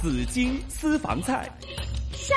紫金私房菜，上。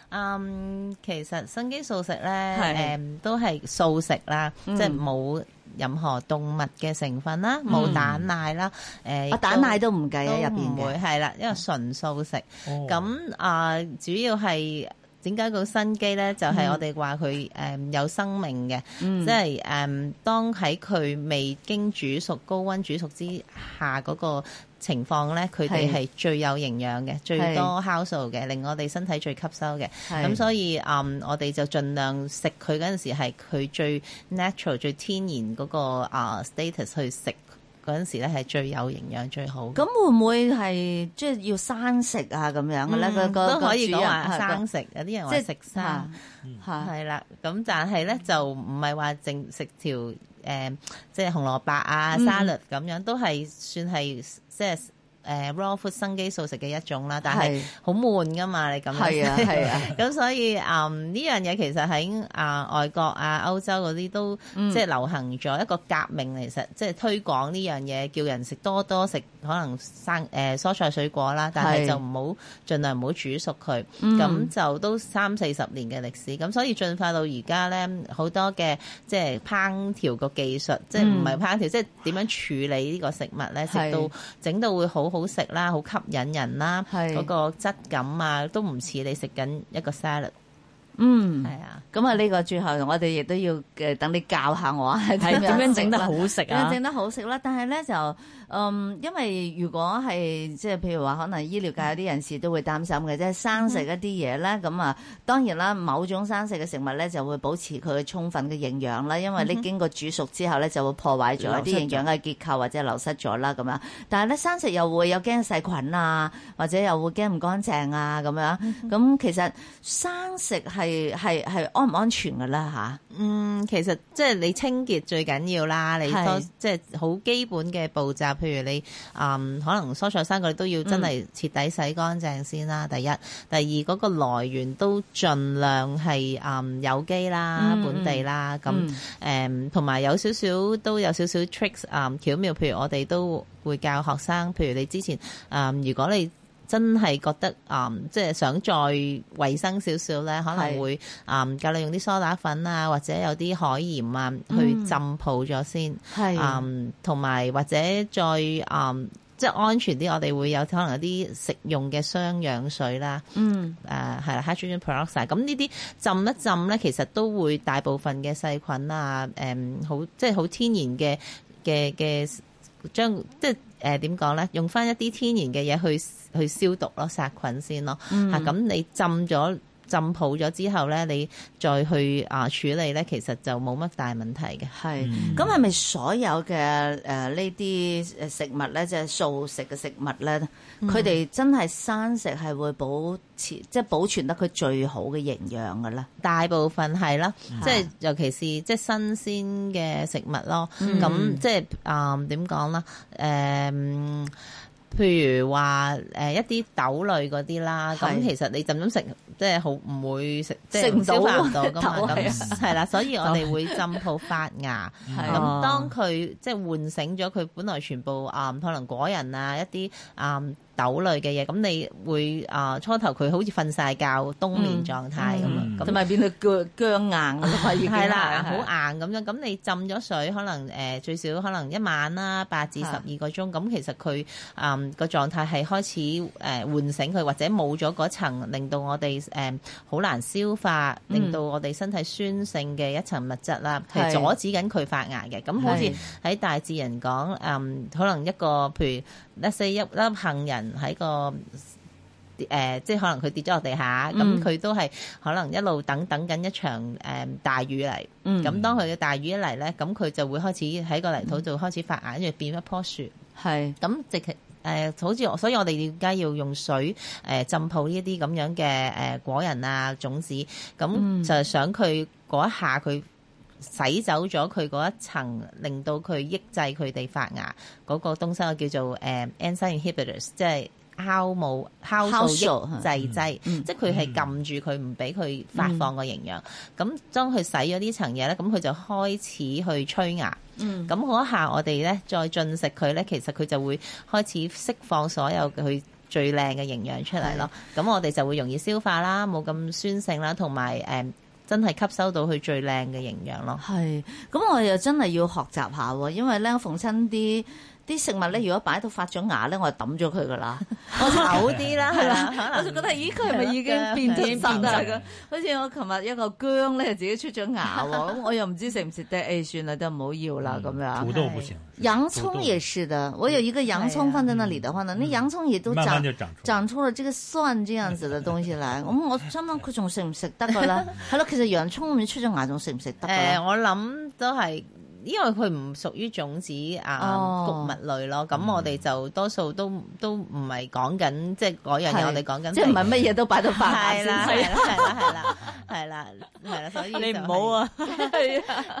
嗯，其實生機素食咧，誒，都係素食啦，即係冇任何動物嘅成分啦，冇蛋奶啦，誒，蛋奶都唔計喺入邊嘅，係啦，因為純素食。咁啊，主要係點解個生機咧？就係我哋話佢誒有生命嘅，即係誒，當喺佢未經煮熟、高溫煮熟之下嗰個，情況咧，佢哋係最有營養嘅，是最多酵素嘅，令我哋身體最吸收嘅。咁是所以，啊、um, 我哋就盡量食佢嗰陣時係佢最 natural、最天然個啊 status 去食。嗰陣時咧係最有營養，最好。咁會唔會係即係要生食啊咁樣嘅咧？都可以講話生食，有啲人話即係食生嚇，係啦、就是。咁、嗯、但係咧就唔係話淨食條誒、嗯，即係紅蘿蔔啊沙律咁樣，都係算係即係。誒、呃、raw food 生機素食嘅一種啦，但係好悶噶嘛，你咁樣係啊係啊，咁、啊、 所以啊呢、嗯嗯、樣嘢其實喺啊外國啊歐洲嗰啲都即係流行咗一個革命其實即係推廣呢樣嘢，叫人食多多食可能生誒蔬、呃、菜水果啦，但係就唔好盡量唔好煮熟佢，咁、嗯、就都三四十年嘅歷史，咁所以進化到而家咧好多嘅即係烹調個技術，即係唔係烹調、嗯，即係點樣處理呢個食物咧，食到整是到會好。好食啦，好吸引人啦，嗰是個質感啊，都唔似你食緊一個 salad。嗯，係啊，咁啊呢個最後我哋亦都要嘅，等你教下我，睇點樣整得好食啊？點樣整得好食啦？但係咧就，嗯，因為如果係即係譬如話，可能醫療界有啲人士都會擔心嘅即係，生食一啲嘢咧，咁啊、嗯，當然啦，某種生食嘅食物咧就會保持佢充分嘅營養啦，因為你經過煮熟之後咧就會破壞咗啲營養嘅結構或者流失咗啦，咁樣。但係咧生食又會有驚細菌啊，或者又會驚唔乾淨啊，咁樣。咁、嗯嗯、其實生食係。係係係，安唔安全㗎啦吓？嗯，其實即係你清潔最緊要啦，你多是即係好基本嘅步驟，譬如你嗯，可能蔬菜生果都要真係徹底洗乾淨先啦。第一，第二嗰、嗰個來源都盡量係嗯，有機啦、本地啦，咁誒同埋有少少都有少少 tricks 啊、嗯、巧妙，譬如我哋都會教學生，譬如你之前啊、嗯，如果你，如果你真係覺得誒、嗯，即係想再衞生少少咧，可能會誒，教你是、嗯、用啲梳打粉啊，或者有啲海鹽啊，去浸泡咗先。係誒是，同埋、嗯、或者再誒、嗯，即係安全啲，我哋會有可能有啲食用嘅雙氧水啦、啊。嗯。誒係啦 h y d 咁呢啲浸一浸咧，其實都會大部分嘅細菌啊，誒、嗯，好即係好天然嘅嘅嘅將即係。誒點講咧？用翻一啲天然嘅嘢去去消毒咯，殺菌先咯嚇。咁、嗯啊、你浸咗。浸泡咗之後咧，你再去啊處理咧，其實就冇乜大問題嘅。係，咁係咪所有嘅誒呢啲誒食物咧，即係素食嘅食物咧，佢哋、嗯、真係生食係會保持即係保存得佢最好嘅營養㗎喇？大部分係啦，嗯、即係尤其是即係新鮮嘅食物咯。咁、嗯、即係啊點講啦？誒、呃。譬如話誒一啲豆類嗰啲啦，咁的其實你就咁食，即係好唔會食，的即係食唔到飯度㗎嘛。咁係啦，嗯、所以我哋會浸泡發芽。咁 的當佢即係喚醒咗佢本來全部啊、嗯，可能果仁啊一啲啊。嗯豆類嘅嘢，咁你會啊初頭佢好似瞓晒覺冬眠狀態咁啊，同、嗯、埋變到僵僵硬啊，係啦， 好的的硬咁的、嗯、樣。咁你浸咗水，可能誒最少可能一晚啦，八至十二個鐘。咁是的、嗯、其實佢誒個狀態係開始誒喚醒佢，或者冇咗嗰層，令到我哋誒好難消化，令到我哋身體酸性嘅一層物質啦，係阻止緊佢發芽嘅。咁是的 好似喺大自然講，誒、嗯、可能一個譬如一四一粒杏仁。喺個誒、呃，即係可能佢跌咗落地下，咁佢、嗯、都係可能一路等等緊一場誒、呃、大雨嚟。咁、嗯、當佢嘅大雨一嚟咧，咁佢就會開始喺個泥土度開始發芽，跟住變一棵樹。係咁直其誒，好似所以我哋而家要用水誒、呃、浸泡呢啲咁樣嘅誒、呃、果仁啊種子，咁就係想佢嗰一下佢。洗走咗佢嗰一層，令到佢抑制佢哋發芽嗰、嗰個東西，我叫做誒、um, enzyme inhibitors，即係酵母酵素抑制劑，嗯嗯、即係佢係撳住佢唔俾佢發放個營養。咁當佢洗咗呢層嘢咧，咁佢就開始去催芽。咁嗰、嗯、一下我呢，我哋咧再進食佢咧，其實佢就會開始釋放所有佢最靚嘅營養出嚟咯。咁的我哋就會容易消化啦，冇咁酸性啦，同埋誒。Um, 真係吸收到佢最靚嘅營養咯，係，咁我又真係要學習下喎，因為咧逢親啲乎乎啲食物咧，如果擺到發咗芽咧，我就抌咗佢噶啦，我就啲啦，係啦，我就覺得咦，佢係咪已經變天神啦？咁，好似我琴日一個薑咧，自己出咗芽喎，咁我又唔知食唔食得，誒，算啦，都唔好要啦咁樣。土豆不行，洋葱也是的，我有一個洋葱放在那裡的話呢，你洋葱也都長長出了這個蒜這樣子嘅東西來，咁我心諗佢仲食唔食得啦。係咯，其實洋葱出咗芽仲食唔食得？誒，我諗都係。因為佢唔屬於種子啊，穀物類咯，咁我哋就多數都都唔係講緊，即係嗰樣嘢我哋講緊。即係唔係乜嘢都擺到飯，係啦係啦係啦係啦係啦，所以你唔好啊。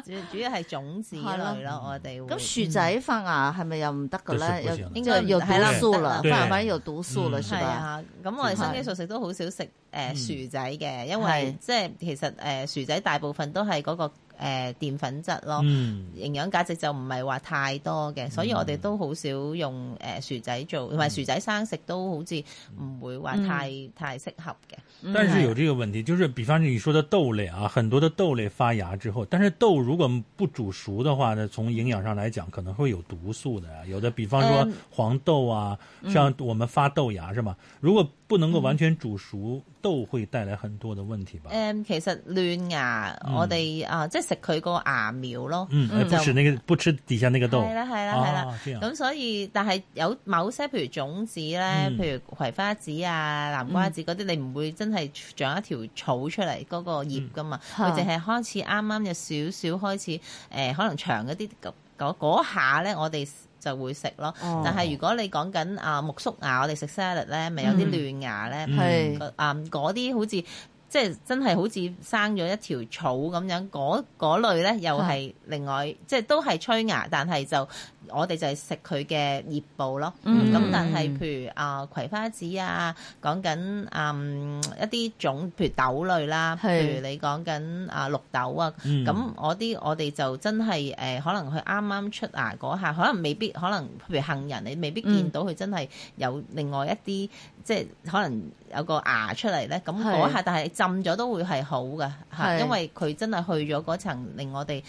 主主要係種子類咯，我哋。咁薯仔發芽係咪又唔得㗎咧？又應該有毒素啦，發芽反而有毒素啦，係啊。咁我哋生機素食都好少食誒薯仔嘅，因為即係其實誒薯仔大部分都係嗰個。誒、呃、澱粉質咯，嗯、營養價值就唔係話太多嘅，嗯、所以我哋都好少用誒、呃、薯仔做，同埋、嗯、薯仔生食都好似唔會話太、嗯、太、太適合嘅。但是有這個問題，就是比方你說的豆類啊，很多的豆類發芽之後，但是豆如果不煮熟的話呢，從營養上來講可能會有毒素的。啊，有的，比方說黃豆啊，嗯、像我們發豆芽是嘛？如果不能夠完全煮熟，嗯、豆會帶來很多的問題吧？誒、嗯，其實嫩芽我哋、嗯、啊，即係食佢個芽苗咯。嗯，就不吃那個，不吃底下那個豆。係啦係啦係啦，咁、啊、所以但係有某些譬如種子咧，譬如、嗯、譬如葵花籽啊、南瓜子嗰啲，你唔會真。係長一條草出嚟嗰個葉噶嘛，佢淨係開始啱啱有少少開始，誒、呃，可能長一啲嗰下咧，我哋就會食咯。哦、但係如果你講緊啊苜蓿芽，我哋食 salad 咧，咪、嗯、有啲嫩芽咧，啊嗰啲好似即係真係好似生咗一條草咁樣，嗰嗰類咧又係另外，嗯、即係都係催芽，但係就。我哋就係食佢嘅葉部咯，咁、嗯、但係譬如啊、呃、葵花籽啊，講緊誒一啲種譬如豆類啦、啊，是譬如你講緊啊綠豆啊，咁、嗯、我啲我哋就真係誒、呃、可能佢啱啱出芽嗰下，可能未必可能譬如杏仁你未必見到佢真係有另外一啲、嗯、即係可能有個芽出嚟咧，咁嗰是下但係浸咗都會係好噶嚇是，因為佢真係去咗嗰層令我哋。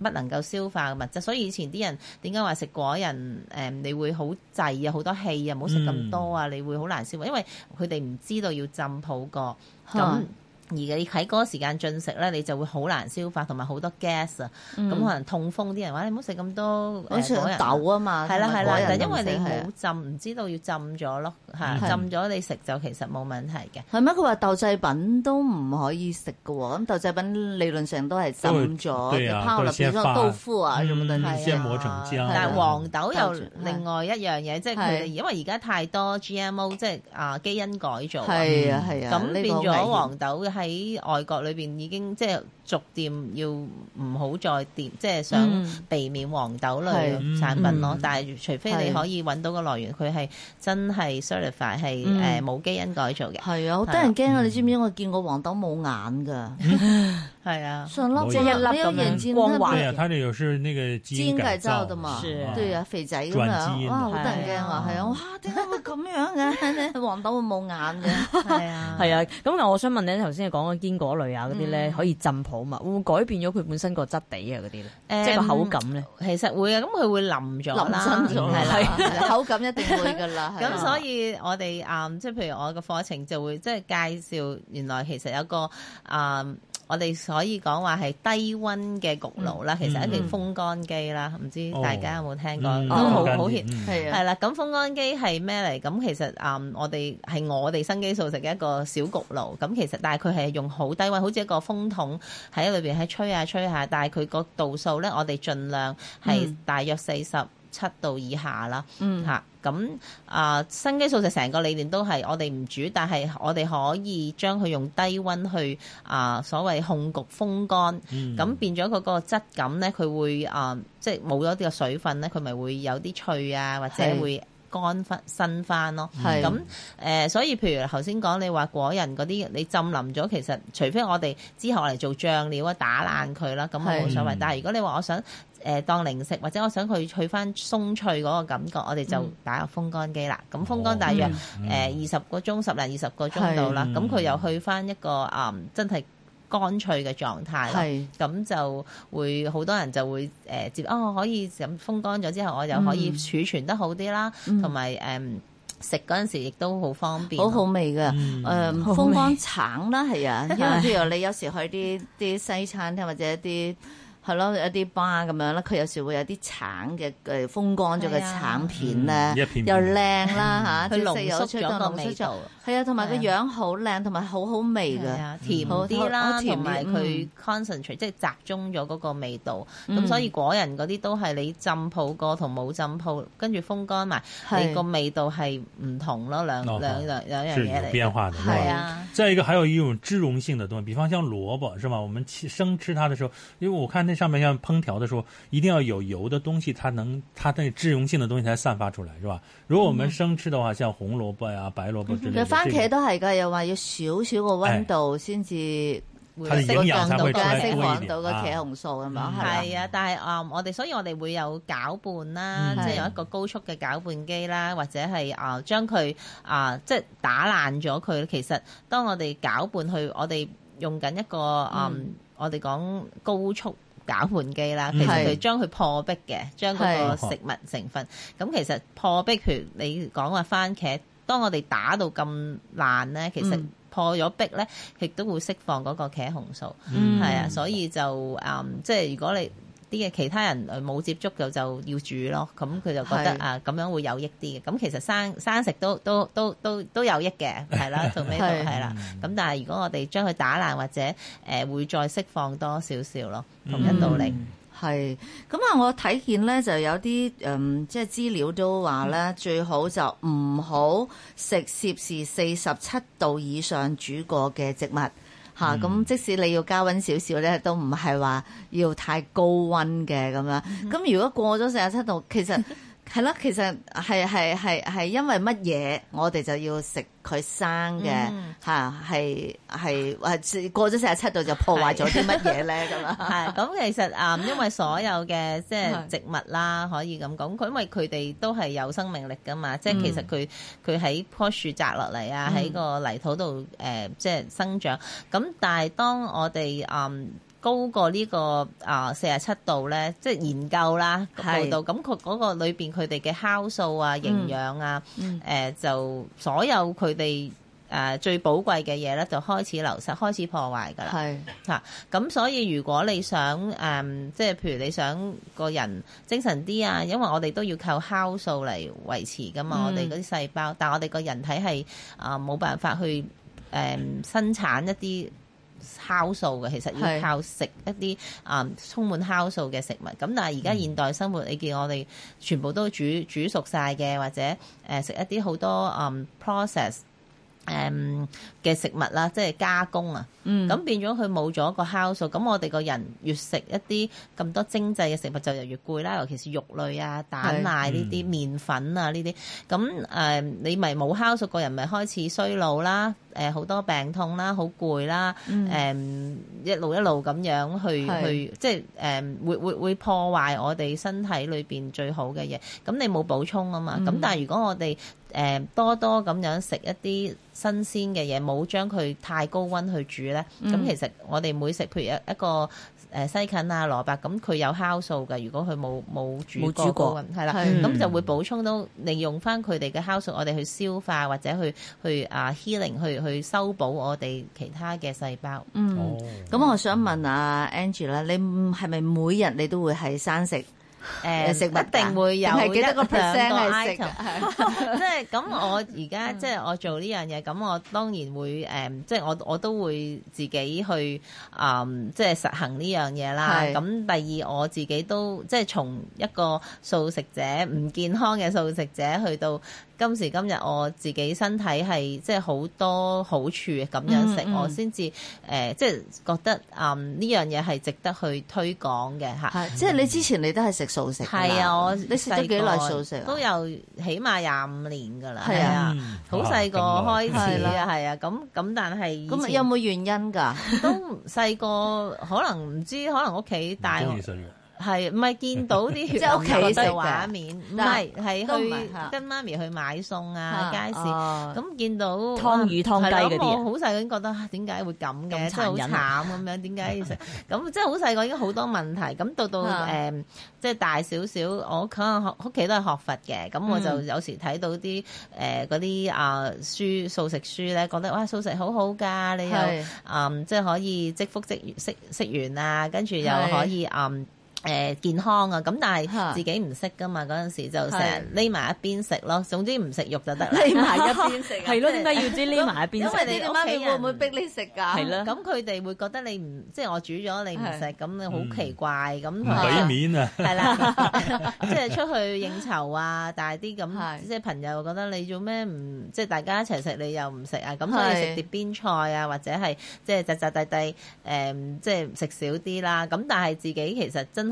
乜能夠消化嘅物質，所以以前啲人點解話食果仁，誒、嗯，你會好滯啊，好多氣啊，唔好食咁多啊，你會好難消化，因為佢哋唔知道要浸泡過咁。嗯而你喺嗰個時間進食咧，你就會好難消化，同埋好多 gas 啊，咁可能痛風啲人話你唔好食咁多誒豆啊嘛，係啦係啦，但因為你冇浸，唔知道要浸咗咯，嚇浸咗你食就其實冇問題嘅。係咪？佢話豆製品都唔可以食㗎喎，咁豆製品理論上都係浸咗，你泡落變咗豆腐啊。但係黃豆又另外一樣嘢，即係佢哋因為而家太多 GMO，即係啊基因改造，係啊係啊，咁變咗黃豆嘅。喺外國裏邊已經即係逐漸要唔好再掂，即係、嗯、想避免黃豆類產品咯。嗯、但係除非你可以揾到個來源，佢係是真係 certified 冇、嗯、基因改造嘅。係啊，好得人驚啊！嗯、你知唔知我見過黃豆冇眼㗎。 係啊，純粒狀，冇有眼睛。對啊，佢呢個是呢個基因改造的嘛。是，對啊，肥仔咁啊，哇，好得人驚啊，係啊，哇，點解會咁樣嘅？黃豆會冇眼嘅，係啊，係啊。咁啊，我想問你頭先你講嗰堅果類啊嗰啲咧，可以浸泡嘛，會唔會改變咗佢本身個質地啊嗰啲咧，即係個口感咧？其實會啊，咁佢會淋咗啦，係啦，口感一定會噶啦。咁所以我哋啊，即係譬如我嘅課程就會即係介紹，原來其實有個啊。我哋所以講話係低溫嘅焗爐啦，嗯、其實一定風乾機啦，唔、嗯、知大家有冇聽過？都好好熱，係啊，係、嗯、啦。咁風乾機係咩嚟？咁其實誒、嗯，我哋係我哋生機素食嘅一個小焗爐。咁其實但係佢係用好低溫，好似一個風筒喺裏邊喺吹下吹下，但係佢個度數咧，我哋盡量係大約四十、嗯。七度以下啦，嚇咁、嗯、啊！啊、生機素食成個理念都係我哋唔煮，但係我哋可以將佢用低温去啊，所謂控焗風乾，咁、嗯、變咗佢嗰個質感咧，佢會，啊，即係冇咗啲嘅水分咧，佢咪會有啲脆啊，或者會乾翻新翻咯。咁誒是、嗯呃，所以譬如頭先講你話果仁嗰啲，你浸淋咗，其實除非我哋之後嚟做醬料啊，打爛佢啦，咁冇所謂，是嗯、但係如果你話我想，誒當零食或者我想佢去翻鬆脆嗰個感覺，我哋就打入風乾機啦。咁風乾大約誒、哦嗯、二十個鐘十零二十個鐘度啦。咁佢是又去翻一個誒、嗯、真係乾脆嘅狀態啦。咁是就會好多人就會誒接、嗯、哦，可以咁風乾咗之後，我又可以儲存得好啲啦，同埋誒食嗰陣時亦都好方便，好好味㗎誒、嗯嗯、風乾橙啦，係啊，因為譬 如你有時去啲啲西餐廳，或者一啲。係咯，一啲疤咁樣啦，佢有時會有啲橙嘅誒風乾咗嘅橙片咧，又靚啦嚇，啲色又出得濃縮咗，係啊，同埋個樣好靚，同埋好好味嘅，甜啲啦，同埋佢 concentrate 即係集中咗嗰個味道，咁所以果仁嗰啲都係你浸泡過同冇浸泡，跟住風乾埋，你個味道係唔同咯，兩兩兩兩樣嘢變化。係啊。再一個，還有一種脂溶性嘅東西，比方像蘿蔔，是嘛？我們生吃它嘅時候，因為我看上面像烹調嘅時候，一定要有油的東西，它能，它那脂溶性的東西才散發出來，是吧？如果我們生吃的話，像紅蘿蔔呀、白蘿蔔，佢番茄都係噶，又話要少少個溫度先至，會放到啲茄紅素，高温。係啊，但係啊，我哋，所以我哋會有攪拌啦，即係有一個高速嘅攪拌機啦，或者係啊，將佢啊，即係打爛咗佢。其實當我哋攪拌去，我哋用緊一個啊，我哋講高速。攪拌機啦，其實佢將佢破壁嘅，將嗰個食物成分。咁的其實破壁，譬如你講話番茄，當我哋打到咁爛咧，其實破咗壁咧，亦都會釋放嗰個茄紅素，係啊、嗯，所以就誒，um, 即係如果你。啲其他人冇接觸嘅就要煮咯，咁佢就覺得是啊，咁樣會有益啲嘅。咁其實生生食都都都都都有益嘅，係 啦，做咩都係啦。咁但係如果我哋將佢打爛或者誒、呃、會再釋放多少少咯，同一道理。係、嗯。咁啊，我睇見咧就有啲嗯，即係資料都話咧，最好就唔好食攝氏四十七度以上煮過嘅植物。嚇，咁、 嗯、即使你要加溫少少咧，都唔係話要太高溫嘅咁樣。咁、嗯嗯、如果過咗四十七度，其實～ 係啦，其實係係係係因為乜嘢，我哋就要食佢生嘅嚇，係係話過咗四十七度就破壞咗啲乜嘢咧咁啊？係咁， 其實啊，因為所有嘅即係植物啦，可以咁講，佢因為佢哋都係有生命力噶嘛，嗯、即係其實佢佢喺樖樹摘落嚟啊，喺個、嗯、泥土度誒，即係生長。咁但係當我哋啊～、嗯高過、這個呃、呢個啊四十七度咧，即係研究啦報道，咁佢嗰個裏邊佢哋嘅酵素啊、營養啊，誒、嗯呃、就所有佢哋誒最寶貴嘅嘢咧，就開始流失、開始破壞㗎啦。係嚇是，咁、啊、所以如果你想誒，即、呃、係譬如你想個人精神啲啊，嗯、因為我哋都要靠酵素嚟維持噶嘛，嗯、我哋嗰啲細胞，但係我哋個人體係啊冇辦法去誒生產，生產，生產，生產生一啲。酵素嘅其實要靠食一啲啊、嗯、充滿酵素嘅食物。咁但係而家現代生活，嗯、你見我哋全部都煮煮熟晒嘅，或者誒食、呃、一啲好多啊 process 誒嘅食物啦，即係加工啊。嗯，咁、嗯嗯、變咗佢冇咗個酵素。咁我哋個人越食一啲咁多精製嘅食物，就就越攰啦。尤其是肉類啊、蛋奶呢啲、麵、嗯、粉啊呢啲。咁、嗯、誒，你咪冇酵素，個人咪開始衰老啦。誒好多病痛啦，好攰啦，誒、嗯、一路一路咁樣去去，即係誒會會會破壞我哋身體裏邊最好嘅嘢。咁、mm. 你冇補充啊嘛？咁但係如果我哋誒多多咁樣食一啲新鮮嘅嘢，冇將佢太高溫去煮咧，咁、嗯、其實我哋每食譬如一一個誒西芹啊、蘿蔔咁，佢有酵素嘅。如果佢冇冇煮過高溫係啦，咁就會補充到利用翻佢哋嘅酵素，我哋去消化或者去或者去啊 healing 去。去修補我哋其他嘅細胞。嗯，咁我想問阿、啊、Angie 啦，你係咪每日你都會喺生食？誒、嗯，食物一定會有 1, 幾多個 percent 係食？ 即係咁，我而家即係我做呢樣嘢，咁我當然會誒，即係我我都會自己去啊、嗯，即係實行呢樣嘢啦。咁是第二我自己都即係從一個素食者、唔健康嘅素食者去到。今時今日我自己身體係即係好多好處，咁樣食我先至誒，即係覺得嗯呢樣嘢係值得去推廣嘅嚇。嗯、即係你之前你都係食素食㗎？係啊，我你食咗幾耐素食？都有起碼廿五年㗎啦。係啊，好細個開始啦，係、嗯、啊，咁咁、啊啊、但係咁有冇原因㗎？ 都細個可能唔知，可能屋企大。係，唔係見到啲即係屋企嘅食畫面，唔係係去跟媽咪去買餸啊街市，咁見到劏魚劏雞嗰啲我好細個已經覺得點解會咁嘅，好慘咁樣，點解要食咁？即係好細個已經好多問題。咁到到誒，即係大少少，我可能屋屋企都係學佛嘅，咁我就有時睇到啲誒嗰啲啊書素食書咧，覺得哇素食好好㗎，你又誒即係可以積福積食食緣啊，跟住又可以誒。誒、呃、健康啊！咁但係自己唔識㗎嘛，嗰陣時就成日匿埋一邊食咯。總之唔食肉就得啦。匿埋一邊食，啊，係咯 了？點解要知匿埋一邊食？ 因為你屋企人，人會唔會逼你食㗎？係咯的。咁佢哋會覺得你唔即係我煮咗你唔食，咁你好奇怪咁。俾面啊！係啦的 即係出去應酬啊，大啲咁，即係 朋友覺得你做咩唔即係大家一齊食你又唔食啊？咁可以食碟邊菜啊，或者係即係雜雜地地誒、嗯，即係食少啲啦。咁但係自己其實真。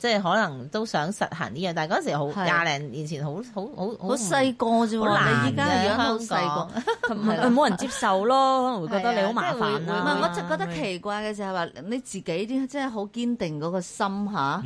即係可能都想實行呢樣，但係嗰時好廿零年前好好好好細個啫喎，依家係樣好細個，冇人接受咯，可能會覺得你好麻煩。唔係，我就覺得奇怪嘅就係話你自己啲真係好堅定嗰個心嚇，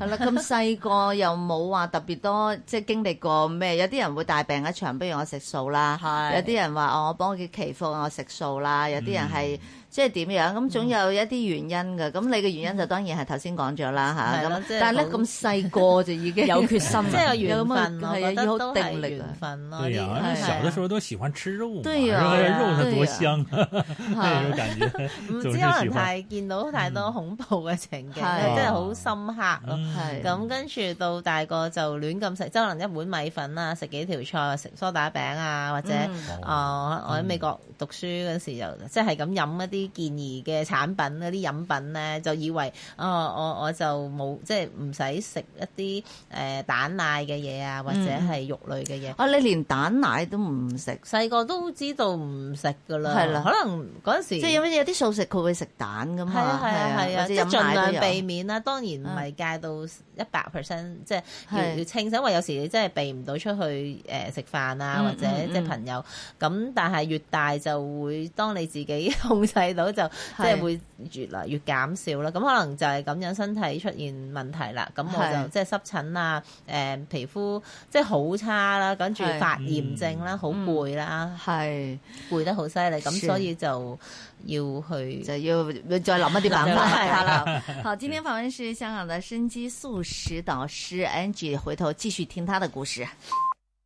係啦，咁細個又冇話特別多即係經歷過咩？有啲人會大病一場，不如我食素啦；有啲人話哦，我幫佢祈福，我食素啦；有啲人係即係點樣？咁總有一啲原因㗎。咁你嘅原因就當然係頭先講咗啦嚇。咁即但係咧，咁細個就已經有決心，即係有緣分咯，覺得都係緣分咯。對啊，小嘅時候都喜歡吃肉，因為肉多香。係，唔知可能太見到太多恐怖嘅情景，真係好深刻咯。咁，跟住到大個就亂咁食，即可能一碗米粉啊，食幾條菜，食梳打餅啊，或者啊，我喺美國讀書嗰時就即係咁飲一啲健怡嘅產品，嗰啲飲品咧就以為啊，我我就冇即係。唔使食一啲誒蛋奶嘅嘢啊，或者係肉類嘅嘢。啊，你連蛋奶都唔食，細個都知道唔食噶啦。係啦。可能陣時即係有有啲素食佢會食蛋噶嘛。係啊，係啊，係啊！即係盡量避免啦。當然唔係戒到一百 percent，即係要要清醒。因為有時你真係避唔到，出去誒食飯啊，或者即係朋友。咁但係越大就會當你自己控制到就即係會越嚟越減少啦。咁可能就係咁樣身體出現問題。係啦，咁我就是即係濕疹啊，誒、呃、皮膚即係好差啦，跟住是發炎症、啊嗯、啦，好攰啦，係攰了是得好犀利，咁所以就要去就是要再諗一啲辦法。 好，今天訪問是香港的生機素食導師 Angie，回頭繼續聽他的故事。